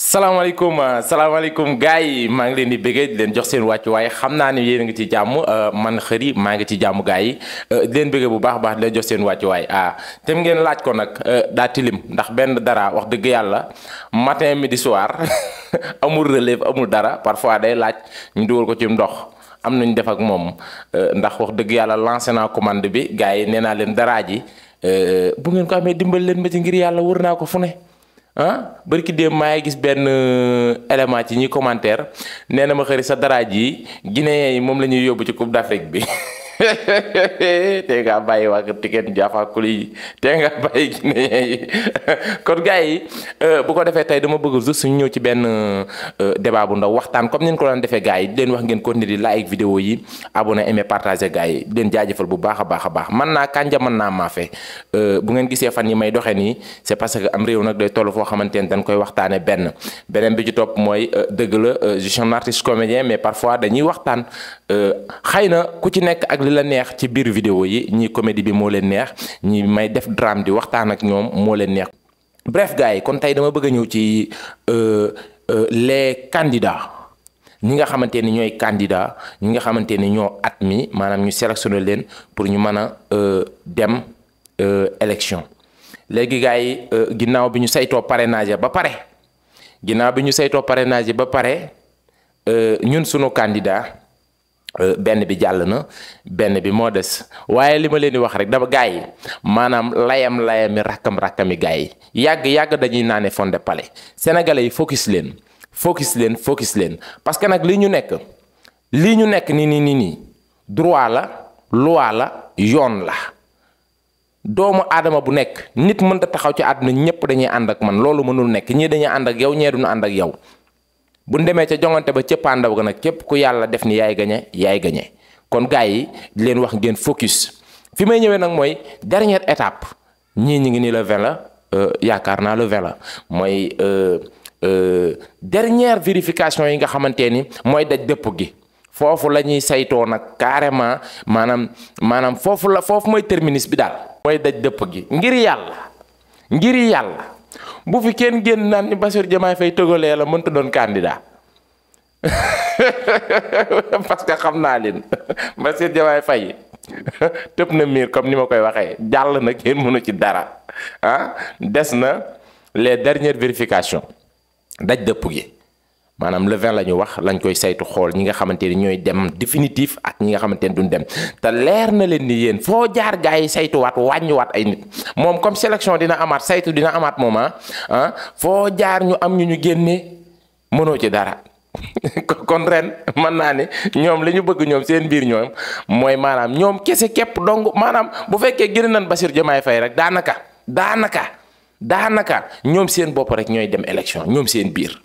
Assalamualaikum, assalamualaikum. Euh, gay, yi ngi di bëggee di leen jox sen wàccuwaay way xamna ni yeen nga ci jàmm euh, man xëri ma nga ci jamm gay yi euh, di bu baax baax di leen jox seen way ah tem ngeen laaj ko nag da tilim ndax benn dara wax deug yalla matin midi soir amul relève amul dara parfois day laaj ñu dugal ko ci ndox. am nañ def ak moom ndax wax deug yalla lancer na commande bi gay yi len dara leen daraa ji bu ngeen ko amé dimbal len ma ci ngir yalla wurna ko fune ah bari ki maa ngi gis benn euh, élément ci ñi commentaire nee na ma xëri sa dara ji Guinéen moom la ñuy yóbbu ci Coupe d'Afrique bi te nga bàyyi waa Tiken Jafakula yi te nga bàyyi Guinéen yi kon gars yi euh, bu ko defee tey dama bëgg juste suñu ñëw ci benn euh, débat bu ndaw waxtaan comme ni ñu ko daan defee gars yi di leen wax ngeen continuer di like vidéo yi abonné aimé partagé gars yi leen jaajafal bu baax a baax a baax man naa kànja mën naa maafe euh, bu ngeen gisee fan yi may doxee nii c'est parce que am réew nag day toll foo xamante ne dañ koy waxtaanee benn beneen bi ci topp mooy dëgg la je suis un mais parfois dañuy waxtaan xëy na ku ci li la neex ci biir vidéo yi ñii comédie bi moo leen neex ñi may def drame di waxtaan ak ñoom moo leen neex bref gars yi kon tey dama bëgg a ñëw ci euh, euh, les candidats ñi nga xamante ni ñooy candidats ñi nga xamante ni ñoo admis maanaam ñu sélectionné leen pour ñu mën a euh, dem élection léegi gars yi ginnaaw bi ñu saytoo parrainage ba pare ginnaaw bi ñu saytoo parrainage ba pare ñun sunu candidat Euh, benn bi jàll na benn bi moo des waaye li ma leen di wax rek dama gaay maanaam layam layami rakam rakkami gaay yi yàgg yàgg dañuy naane fond de palais sénégalais yi focus leen focus leen focus leen parce que nag li ñu nekk li ñu nekk ni ni ni nii droit la loi la yoon la doomu aadama bu nekk nit mën taxaw ci àdduna ñëpp dañuy ànd ak man loolu mënul nekk ñii dañuy ànd ak yow ñee duñu ànd ak yow bu ñu demee ca jongante ba cëppaandaw ga nag képp ku yàlla def ni yaay gañe yaay gañe kon gaay yi di leen wax ngeen focus fi may ñëwee nag mooy dernière étape ñii ñi ngi ni le 20 la euh, yaakaar naa le 20 la mooy euh, euh, dernière vérification yi nga xamante ni mooy daj dëpp gi foofu la ñuy saytoo nag carrément maanaam maanaam foofu la foofu mooy terminus bi daal mooy daj dëpp gi ngir yàlla ngir yàlla bu fi kenn génn naan ni Bassirou Diomaye fay tëgalee la mënta doon candidat parce que xam naa leen Bassirou Diomaye Faye tëb na miir comme ni ma koy waxee jàll na kenn mënu ci dara ah des na les dernières vérifications daj dëpp gi maanaam le 20 la ñu wax lañ koy saytu xool ñi nga xamante ni ñooy dem définitif ak ñi nga xamante ni duñ dem te leer na leen ni yéen foo jaar gars yi saytuwaat waat ay nit moom comme sélection dina amaat saytu dina amaat moom ah, ah foo jaar ñu am ñu ñu génne mënoo ci dara kon ren mën naa ne ñoom li ñu bëgg ñoom seen biir ñoom mooy maanaam ñoom kese képp dong maanaam bu fekkee génn nañ Bassirou Diomaye fay rek daanaka daanaka daanaka ñoom seen bopp rek ñooy dem élection ñoom seen biir.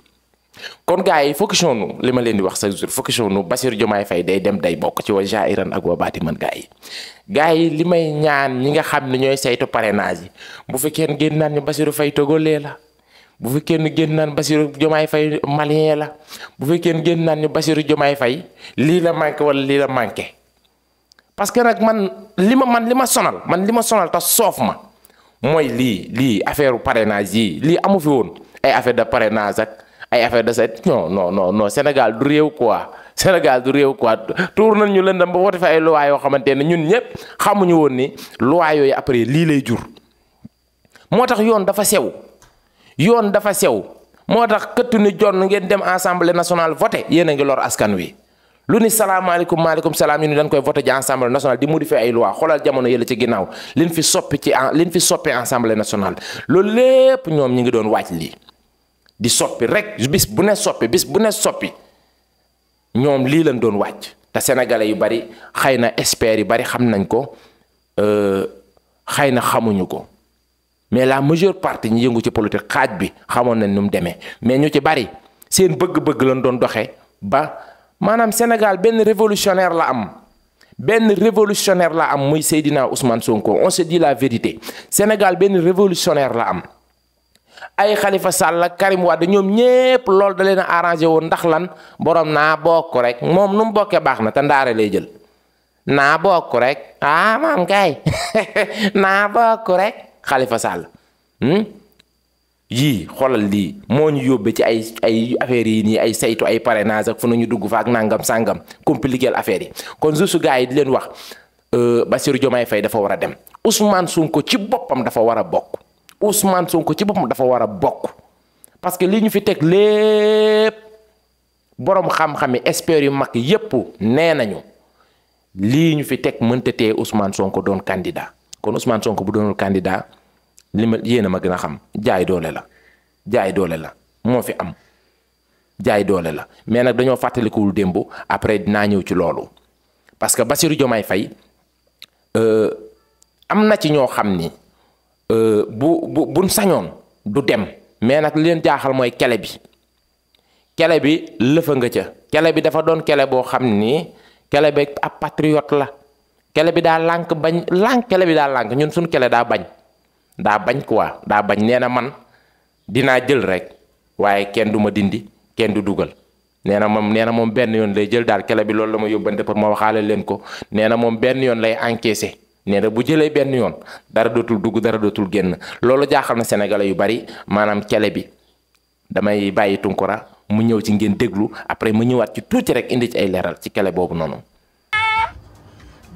kon gars yi focusons nu li ma leen di wax chaque jour focusons nu Bassirou Diomaye fay day dem day bokk ci waa jairan ak waa baati man gars yi gars yi li may ñaan ñi nga xam ne ñooy saytu parrainage yi bu fekkee ne génn naan ñu Bassirou Faye togolee la bu fekkee ne génn naan Bassirou Diomaye Faye malien la bu fekkee ne génn naan ñu Bassirou Diomaye fay lii la manqué wala lii la manqué parce que nag man li ma man li ma sonal man li ma sonal te soof ma mooy lii lii affaire parrainage yii lii amu woon ay affaire de parrainage ay affaire de set non non non non Sénégal du réew quoi Sénégal du réew quoi tuur nañ ñu lëndam ba woote fi ay lois yoo xamante ne ñun ñëpp xamuñu woon ni lois yooyu après lii lay jur. moo tax yoon dafa sew yoon dafa sew moo tax këttu ni jonn ngeen dem assemblée nationale voté yéen a ngi lor askan wi. lu ni salaamaaleykum maaleykum salaam yi ni dañ koy voté ji assemblée nationale di modifier ay loi xoolal jamono yële ci ginnaaw liñ fi soppi ci liñ fi soppee assemblée nationale ñoom ñi ngi doon wàcc lii. di soppi rek bis bu ne soppi bis bu ne soppi ñoom lii lañ doon wàcc te sénégalais yu bari xëy na experts yu bari xam nañ ko euh, xëy na xamuñu ko mais la majeure partie ñu yëngu ci politique xaaj bi xamoon nañ nu mu demee mais ñu ci bari seen bëgg-bëgg lañ doon doxee ba maanaam Sénégal benn révolutionnaire la am benn révolutionnaire la am muy Seydina Ousmane Sonko on se dit la vérité Sénégal benn révolutionnaire la am. ay xalifa Sall ak Karim Wade ñoom ñépp loolu da leen a woon ndax lan borom naa bokk rek moom nu mu bokkee baax na te ndaare lay jël naa bokk rek ah maam kay naa bokk rek Khalifa Sall hmm? yii xoolal lii moo ñu yóbbee ci ay ay affaires yi nii ay saytu ay parrainage ak fu nañu dugg fa ak nangam sangam compliqué affaire yi kon juste gars yi di leen wax euh, Bassirou Diomaye Faye dafa war a dem Ousmane Sonko ci boppam dafa war a bokk. Ousmane Sonko ci bopam dafa wara bok parce que liñu fi tek lepp borom xam-xami experts yu mak yépp Usman liñu fi tek mënta Ousmane Sonko don candidat kon Ousmane Sonko bu donul candidat lima yena ma gëna xam jaay doole la jaay doole la mo fi am jaay doole la mais nak dañoo fàttalikuwul démb après dina ñew ci loolu parce que Bassirou Diomaye Faye euh amna ci ño xamni Euh, bu bu buñ sañoon du dem mais nag li leen jaaxal mooy kele bi kele bi lëfa nga ca kele bi dafa doon kele boo xam ni kele bi ab patriote la kele bi daa lànk bañ lànk kele bi daa lànk ñun suñ kele daa bañ daa bañ quoi daa bañ nee na man dinaa jël rek waaye kenn du ma dindi kenn du dugal nee na moom nee na moom benn yoon lay jël daal kele bi lool la ma yóbbante pour ma waxaale leen ko nee na moom benn yoon lay encaissé nee bu jëlee benn yoon dara dootul dugg dara dootul génn loolu jaaxal na sénégalais yu bari maanaam cele bi damay bàyyi tunkura mu ñëw ci ngeen déglu après mu ñëwaat ci tuuti rek indi ci ay leeral ci kele boobu noonu.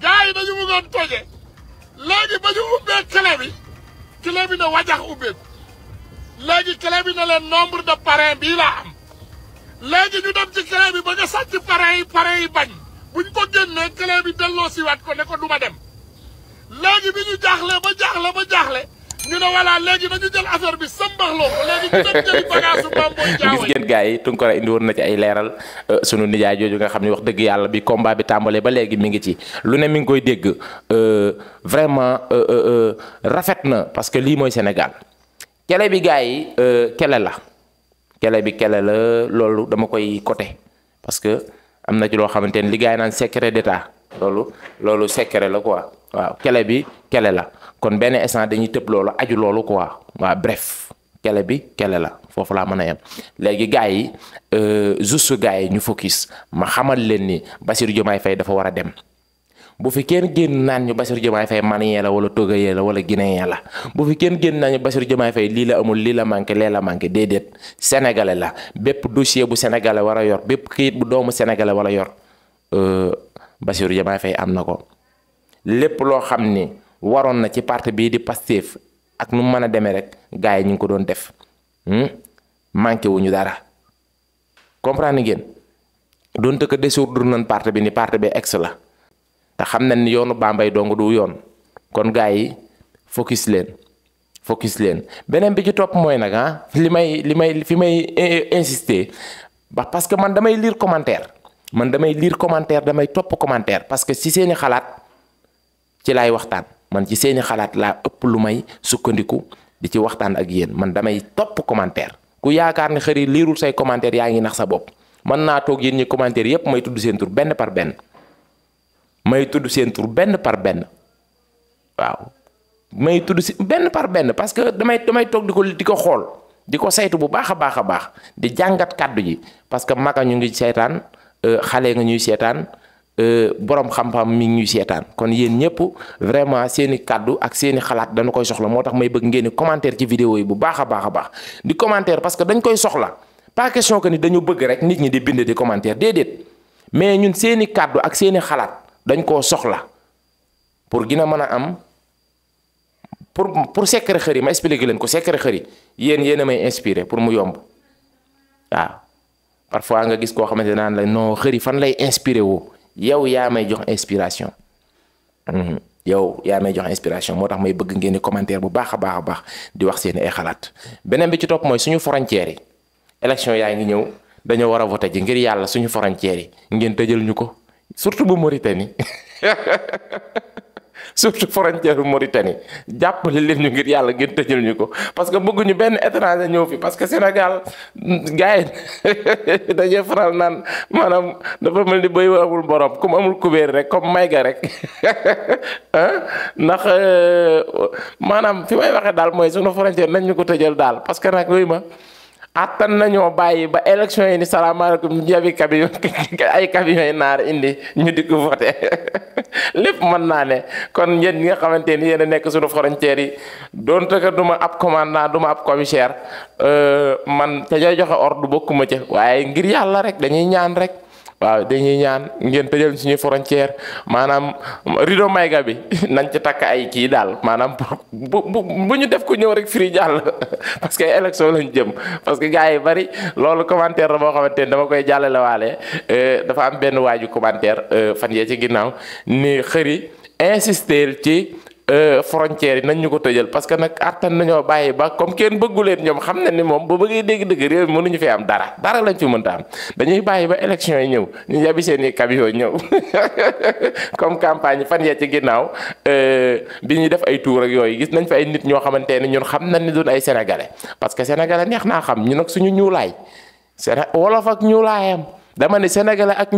gars yi dañu bëggoon toje léegi ba ñu ubbee kele bi kele bi na wajax ubbeeku léegi kele bi na leen nombre de parrain bii laa am léegi ñu dem ci kele bi ba nga sàcc parrain yi parrain yi bañ buñ ko génnee kele bi delloo siwaat ko ne ko duma dem. léegi bi ñu jaaxle ba jaaxle ba jaaxle ñu ne voilà léegi dañu jël affaire bi sambaxloo léegi ñu dem jëli bagage ngeen gars yi Tunkara indi woon na ci ay leeral euh, sunu nijaay jooju nga xam ne wax dëgg yàlla bi combat bi tàmbalee ba léegi mi ngi ci lu ne mi ngi koy dégg euh, vraiment euh, rafet na parce que lii mooy Sénégal kele bi gars yi kele la kele bi kele la loolu dama koy côté parce que am na ci loo xamante ne li gars yi naan secret d'état loolu loolu secret la quoi waaw kele bi kele la kon benn instant dañuy tëb loolu aju loolu quoi waaw bref kele bi kele la foofu laa mën a yem léegi gars yi euh, juste gars yi ñu focus ma xamal leen ni fay dafa war dem bu fi kenn génn naan ñu Bassirou fay man malien la wala togolais la wala guinéen la bu fi kenn génn naan ñu Bassirou lila fay lii la amul lii la manqué lee la manqué déedéet sénégalais la bépp dossier bu sénégalais war a yor bépp kayit bu doomu sénégalais war a yor euh, Bassirou Diomaye fay am na ko lépp loo xam ni waroon na ci parti bii di Pastef ak nu mën a demee rek gars yi ñu ngi ko doon def hmm? manqué wuñu dara comprendre ngeen donte que désourdur nañ parti bi ni parti bi ex la te xam na ni yoonu Bambey dong du yoon kon gars yi focus leen focus leen beneen bi ci topp mooy nag ah li may li may fi may eh, eh, insister ba parce que man damay liir commentaire man damay liir commentaire damay topp commentaire parce que si seeni xalaat. ci waktan, waxtaan man ci seeni xalaat la ëpp lu may sukkandiku di ci waxtaan ak yeen man damay top commentaire ku yaakaar ne xëri liirul say commentaire yaa ngi nax sa bopp man naa toog yéen ñi commentaire yépp may tudd seen tur benn par benn may tudd seen tur benn par benn waaw may tudd si par benn parce que damay damay toog di ko di ko di ko saytu bu baax a baax a baax di jàngat kàddu ji parce que maga ñu ngi seetaan euh, xale nga ñuy seetaan Euh, borom xam-xam mi ñuy seetaan kon yeen ñepp vraiment seeni cadeau ak seeni xalaat dañ koy soxla motax may bëgg ngeen commentaire ci vidéo yi bu baaxa baaxa baax di commentaire parce que dañ koy soxla pas question que ni dañu bëgg rek nit ñi di bind di commentaire Dedet. mais ñun seeni cadeau ak seeni xalaat dañ ko soxla pour gina mëna am pour pour secret xëri ma expliquer leen ko secret xëri yeen yeen may inspirer pour mu yomb waaw parfois nga gis ko xamante nan la non xëri fan lay inspirer wu yow yaa may jox inspiration mhm. yow yaa may jox inspiration moo tax may bëgg ngeen di commentaire bu baax a baax a baax di wax seen ay xalaat beneen bi ci topp mooy suñu frontières yi élection yaa ngi ñëw dañoo war a voté ji ngir yàlla suñu frontières yi ngeen tëjal ñu ko surtout bu Mauritanie surtout frontière Mauritanie jàppale leen ñu ngir yàlla ngeen tëjal ñu ko parce que bëgguñu benn étranger ñëw fi parce que Sénégal gars yi dañuy naan maanaam dafa mel ni béy amul borom comme amul kubéer rek comme mayga rek ndax euh, maanaam fi may waxee daal mooy sunu frontière nañ ñu ko tëjal daal parce que nag ma attan nañoo bàyyi ba élection yi ni salaamaaleykum jabi camion ay camion yi naar indi ñu di ko lépp mën naa ne kon yéen ñi nga xamante ni yéen a nekk suñu frontières yi donte que du ma ab commandant duma ma ab commissaire euh, man te joxe ordu bokkuma ca waaye ngir yàlla rek dañuy ñaan rek. waaw dañuy ñaan ngeen tëjal suñuy frontière maanaam rido mayga bi nañ ci takk ay kii daal maanaam bu bu bu ñu def ko ñëw rek firi jàll parce que élection lañ jëm parce que gars yi bari loolu commentaire la boo xamante ni dama koy jàllale waale euh, dafa am benn waaju commentaire euh, fan yee ci ginnaaw ni xëri insister ci Euh, frontière yi nañ ñu ko tëjal parce que nag attan nañoo bàyyi ba comme kenn bëggu leen xam na ni moom bu bëggee dégg-dëgg réew mi mënuñu fi am dara dara lañ fi mënta am dañuy bàyyi ba élection yi ñëw ñu yabi seen i camion ñëw comme campagne fan ya ci ginnaaw euh, bi ñuy def ay tour ak yooyu gis nañ fa ay nit ñoo xamante ne ñun xam nañ ni doon ay sénégalais parce que sénégalais neex xam ñu suñu wolof ak ñuulaayam dama sénégalais ak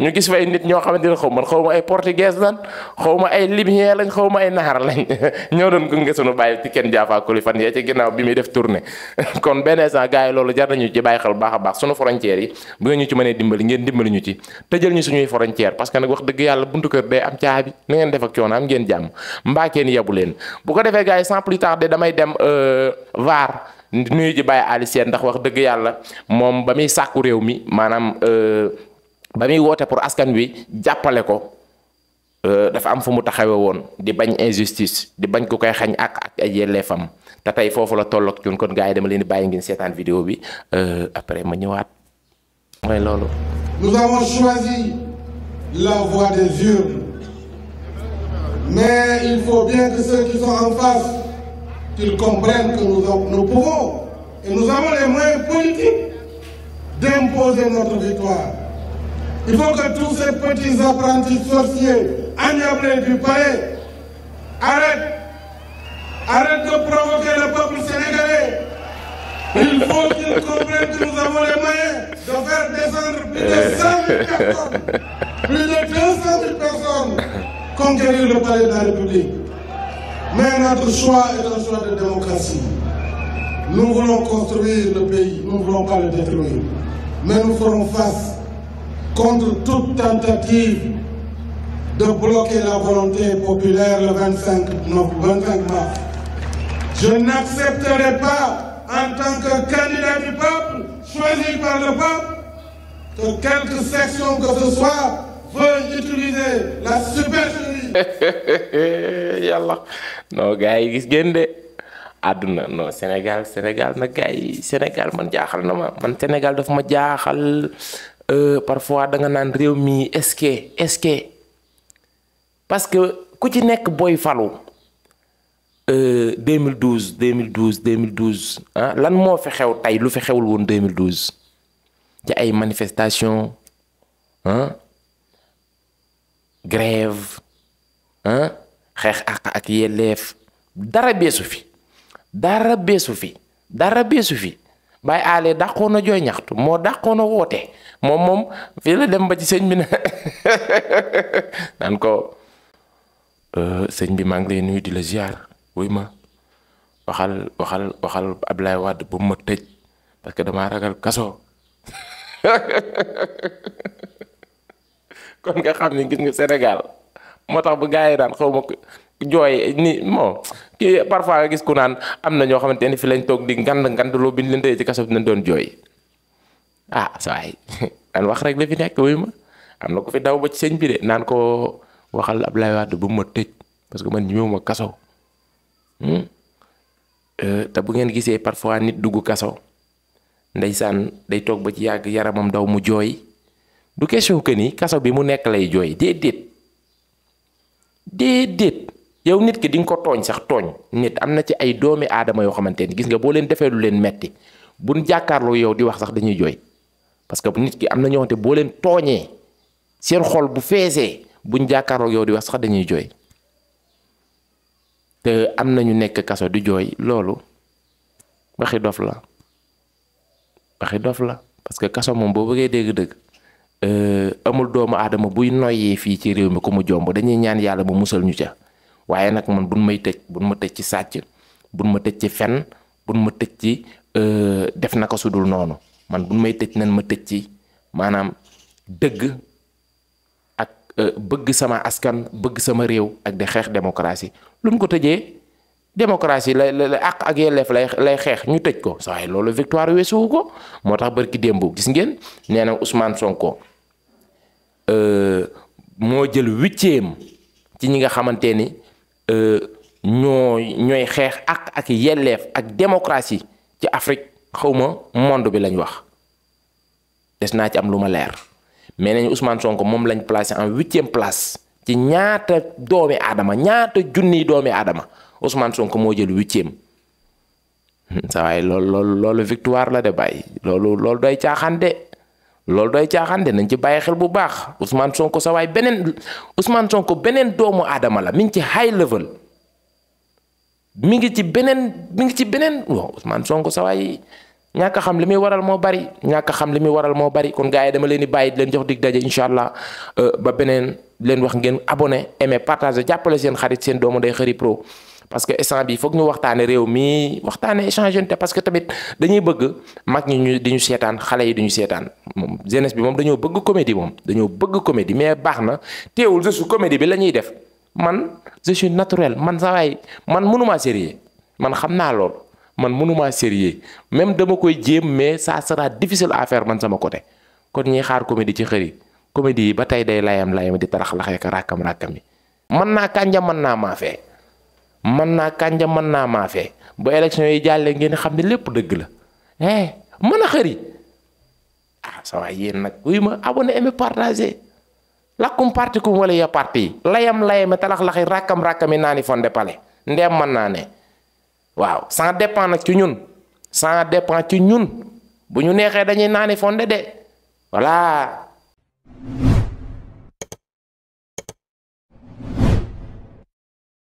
ñu gis fa ay nit ñoo xamante ne xaw man xaw ma ay portugais la xaw ma ay libyen lañ xaw ma ay naxar lañ ñoo doon gunge sunu bàyyi ci kenn jaafakuli fan yee ci ginnaaw bi muy def tournée kon benn instant gars yi loolu jar nañu ci bàyyi xel baax a baax sunu frontières yi bu ngeen ñu ci mënee dimbali ngeen dimbali ñu ci tëjal ñu suñuy frontière parce que nag wax dëgg yàlla buntu kër day am caabi na ngeen def ak coono am ngeen jàmm mbaa kenn yabu leen bu ko defee gars yi sans plus tarder damay dem euh, vaar nuyu ji bàyyi Aly Sène ndax wax dëgg yàlla moom ba muy sàkku réew mi maanaam euh, ba wote pour askan wi jàppale ko euh, dafa am fu mu taxawe woon di bañ injustice di bañ ku koy xañ ak ak ay yelleefam te tey foofu la tollok ñun kon gars yi dama leen di bàyyi ngeen seetaan vidéo bi euh, après ma ñëwaat mooy loolu. nous avons choisi la voie des urnes mais il faut bien que ceux qui sont en face qu'ils comprennent que nous nous pouvons et nous avons les moyens politiques d'imposer notre victoire. Il faut que tous ces petits apprentis sorciers, agnablés du palais, arrêtent. Arrêtent de provoquer le peuple sénégalais. Il faut qu'ils comprennent que nous avons les moyens de faire descendre plus de 100 000 personnes, plus de 200 000 personnes, conquérir le palais de la République. Mais notre choix est un choix de démocratie. Nous voulons construire le pays, nous ne voulons pas le détruire. Mais nous ferons face contre toute tentative de bloquer la volonté populaire le 25, 25 mars. Je n'accepterai pas, en tant que candidat du peuple, choisi par le peuple, que quelque section que ce soit veuille utiliser la supercherie. yallah non gars yi gis de non Sénégal Sénégal na gars Sénégal man jaaxal na ma man Sénégal daf ma jaaxal. Euh, parfois da nga naan réew mi est-ce que est-ce parce que ku ci nekk booy falu 2012 2012 2012 ah lan moo fi xew tey lu fi xewul woon 2012 ci ay manifestations ah grève ah xeex àq ak yelleef dara beesu fi dara beesu fi dara beesu fi. Baye Allé dàqoon a jooy ñaxtu moo dàqoon na woote moom moom fii la dem ba ci sëñ bi ne naan ko euh, sëñ bi maa ngi lay nuyu di la ziar wuy ma waxal waxal waxal Ablaye Wade bu ma tëj parce que damaa ragal kaso kon nga xam ne gis nga Sénégal moo tax bu gaa daan xaw ma Joy ni mo ki parfois nga gis ku nan am na xamanteni ni fi lañ tok di ngand ngand lo biñ leen ci kaso don Joy. doon ah say an wax rek la fi nek wuyuma ma am ko fi daw ba ci señ bi de nan ko waxal ablay wad bu ma tej parce que man hmm kaso euh, ta bu ngeen gisee parfois nit duggu kasso ndaysan day tok ba ci yag yaramam daw mu joy du question que ni kaso bi mu nek lay joy dedet dedet yow nit ki di ko tooñ sax tooñ nit am na ci ay doomi aadama yoo xamante ni gis nga boo leen defee lu leen metti buñ jàkkaarloo yow di wax sax dañuy jooy parce que nit ki am na boo leen tooñee seen xol bu feesee buñ jàkkaarloo yow di wax dañuy jooy te am na ñu nekk kaso di jooy loolu waxi dof la waxi dof la parce que kaso moom boo bëggee dégg-dëgg. Euh, amul doomu aadama buy noyyee fii ci réew mi ku mu jomb dañuy ñaan yàlla mu musal ñu ca waaye nag man buñ may tëj buñ ma tëj ci sàcc buñ ma tëj ci fen buñ ma tëj ci euh, def naka su dul noonu man buñ may tëj nan ma tëj ci maanaam dëgg ak euh, bëgg sama askan bëgg sama réew ak di xeex lu luñ ko tëjee démocratie lay la àq ak yelleef lay lay xeex ñu tëj ko saa loolu victoire weesuwu ko moo tax barki démb gis ngeen nee na Ousmane Sonko euh, moo jël huitième ci ñi nga xamante ni Euh, ñooy ñooy xeex ak ak yelleef ak démocratie ci Afrique xawma monde bi lañ wax des naa ci am lu ma leer mais nañu Ousmane sonk moom lañ placé en huitième place ci ñaata doomi adama ñaata junniy doomi adama Ousmane sonk moo jël huitième hmm, saa waaye loolu loolu loolu victoire la de bàyyi loolu loolu day caaxaan de loolu doy caaxaan de nañ ci bàyyi xel bu baax Ousmane Sonko sawaay beneen Ousmane Sonko beneen doomu aadama la mi ngi ci high level mu ngi ci beneen mu ngi ci beneen waaw Ousmane Sonko sa waay ñàkk xam li muy waral moo bari ñàkk xam li muy waral moo bari kon gars yi dama leen bàyyi di leen jox dig daje incha allah euh, ba beneen leen wax ngeen abonné aimé partagé jàppale seen xarit seen doomu day xëri pro. parce que instant bi foog ñu waxtane rew mi waxtaane échangeante parce que tamit dañuy bëgg mag ñu diñu sétane xalé yi diñu sétane mom jeunesse bi mom dañoo bëgg comédie mom dañoo bëgg comédie mais baxna téwul je suis comédie bi lañuy def man je suis naturel man saa man mënuma sérieux man xamna lool man mënuma sérieux même dama koy jëm mais ça sera difficile à faire man sama côté kon ñi xaar comédie ci xëri comédie ba tay day layam layam di tarax laxee ka rakkam rakkam yi mën naa man na ma mën naa kànja man naa maafe ba élection yi jàllee ngeen xam ne lépp dëgg la eh mën a xëri ah sa waay yéen nag wuy ma abonné aimé partagé lakkum parti kum wala ya parti layam layame talax-laxi rakkam-rakkami naa ni fonde pale ndeem mën naa ne waaw sans dépend nag ci ñun sans dépend ci ñun bu ñu neexee dañuy naa fonde de voilà